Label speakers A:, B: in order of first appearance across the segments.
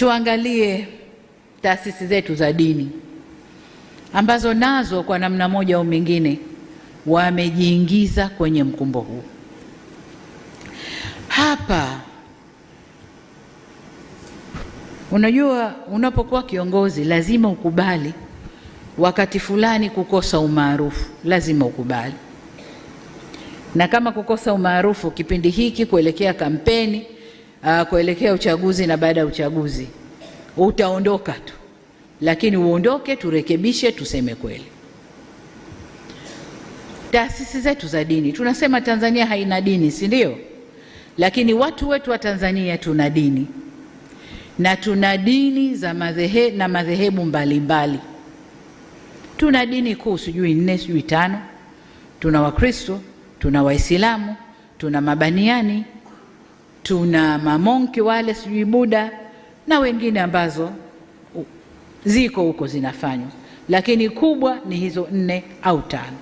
A: Tuangalie taasisi zetu za dini ambazo nazo kwa namna moja au mingine wamejiingiza kwenye mkumbo huu. Hapa unajua, unapokuwa kiongozi lazima ukubali wakati fulani kukosa umaarufu, lazima ukubali. Na kama kukosa umaarufu kipindi hiki kuelekea kampeni uh, kuelekea uchaguzi na baada ya uchaguzi utaondoka tu, lakini uondoke, turekebishe, tuseme kweli. Taasisi zetu za dini, tunasema Tanzania haina dini, si ndio? Lakini watu wetu wa Tanzania tuna dini na tuna dini za madhehe, na madhehebu mbalimbali. Tuna dini kuu sijui nne sijui tano. Tuna Wakristo, tuna Waislamu, tuna mabaniani tuna mamonki wale sijui Buda na wengine ambazo ziko huko zinafanywa, lakini kubwa ni hizo nne au tano,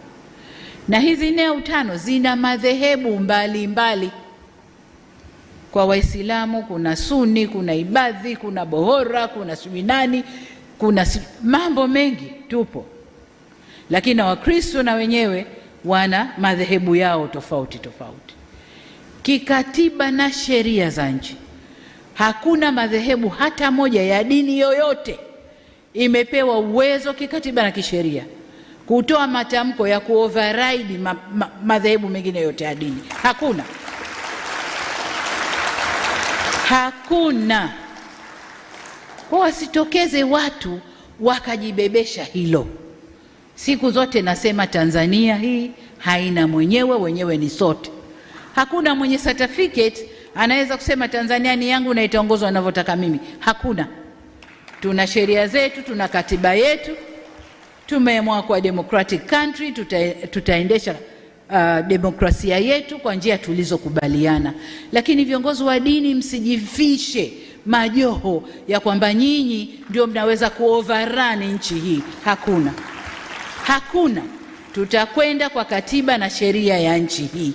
A: na hizi nne au tano zina madhehebu mbalimbali. Kwa Waislamu kuna Suni, kuna Ibadhi, kuna Bohora, kuna sijui nani, kuna mambo mengi tupo, lakini na Wakristo na wenyewe wana madhehebu yao tofauti tofauti kikatiba na sheria za nchi. Hakuna madhehebu hata moja ya dini yoyote imepewa uwezo kikatiba na kisheria kutoa matamko ya kuoverride ma, ma, madhehebu mengine yote ya dini. Hakuna, hakuna. Kwa wasitokeze watu wakajibebesha hilo. Siku zote nasema Tanzania hii haina mwenyewe, wenyewe ni sote. Hakuna mwenye certificate anaweza kusema Tanzania ni yangu na itaongozwa ninavyotaka mimi. Hakuna. Tuna sheria zetu, tuna katiba yetu, tumeamua kwa democratic country tuta, tutaendesha uh, demokrasia yetu kwa njia tulizokubaliana. Lakini viongozi wa dini, msijifishe majoho ya kwamba nyinyi ndio mnaweza kuoverrun nchi hii. Hakuna, hakuna. Tutakwenda kwa katiba na sheria ya nchi hii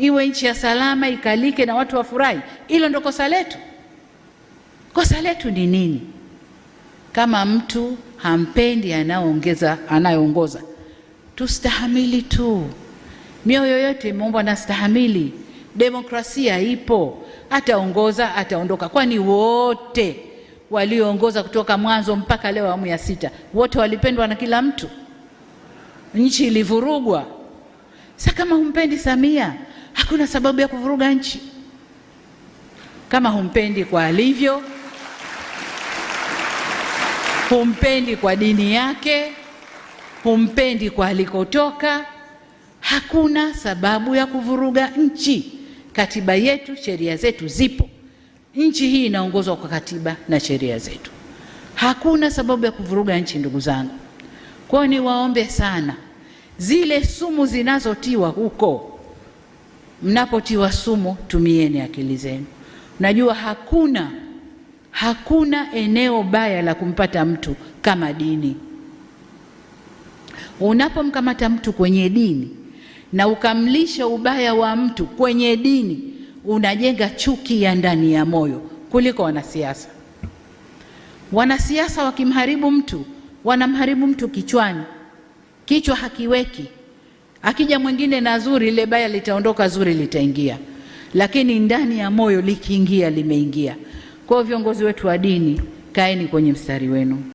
A: iwe nchi ya salama, ikalike na watu wafurahi. Hilo ndo kosa letu. Kosa letu ni nini? Kama mtu hampendi anaoongeza anayeongoza, tustahamili tu. Mioyo yote imeumbwa na stahamili. Demokrasia ipo, ataongoza ataondoka. Kwani wote walioongoza kutoka mwanzo mpaka leo awamu ya sita, wote walipendwa na kila mtu? Nchi ilivurugwa. sa kama humpendi Samia Hakuna sababu ya kuvuruga nchi. Kama humpendi kwa alivyo, humpendi kwa dini yake, humpendi kwa alikotoka, hakuna sababu ya kuvuruga nchi. Katiba yetu, sheria zetu zipo. Nchi hii inaongozwa kwa katiba na sheria zetu. Hakuna sababu ya kuvuruga nchi, ndugu zangu. Kwa hiyo niwaombe sana, zile sumu zinazotiwa huko mnapotiwa sumu tumieni akili zenu. Najua hakuna hakuna eneo baya la kumpata mtu kama dini. Unapomkamata mtu kwenye dini na ukamlisha ubaya wa mtu kwenye dini, unajenga chuki ya ndani ya moyo kuliko wanasiasa. Wanasiasa wakimharibu mtu, wanamharibu mtu kichwani, kichwa hakiweki Akija mwingine na zuri, ile baya litaondoka, zuri litaingia, lakini ndani ya moyo likiingia, limeingia. Kwa hiyo viongozi wetu wa dini, kaeni kwenye mstari wenu.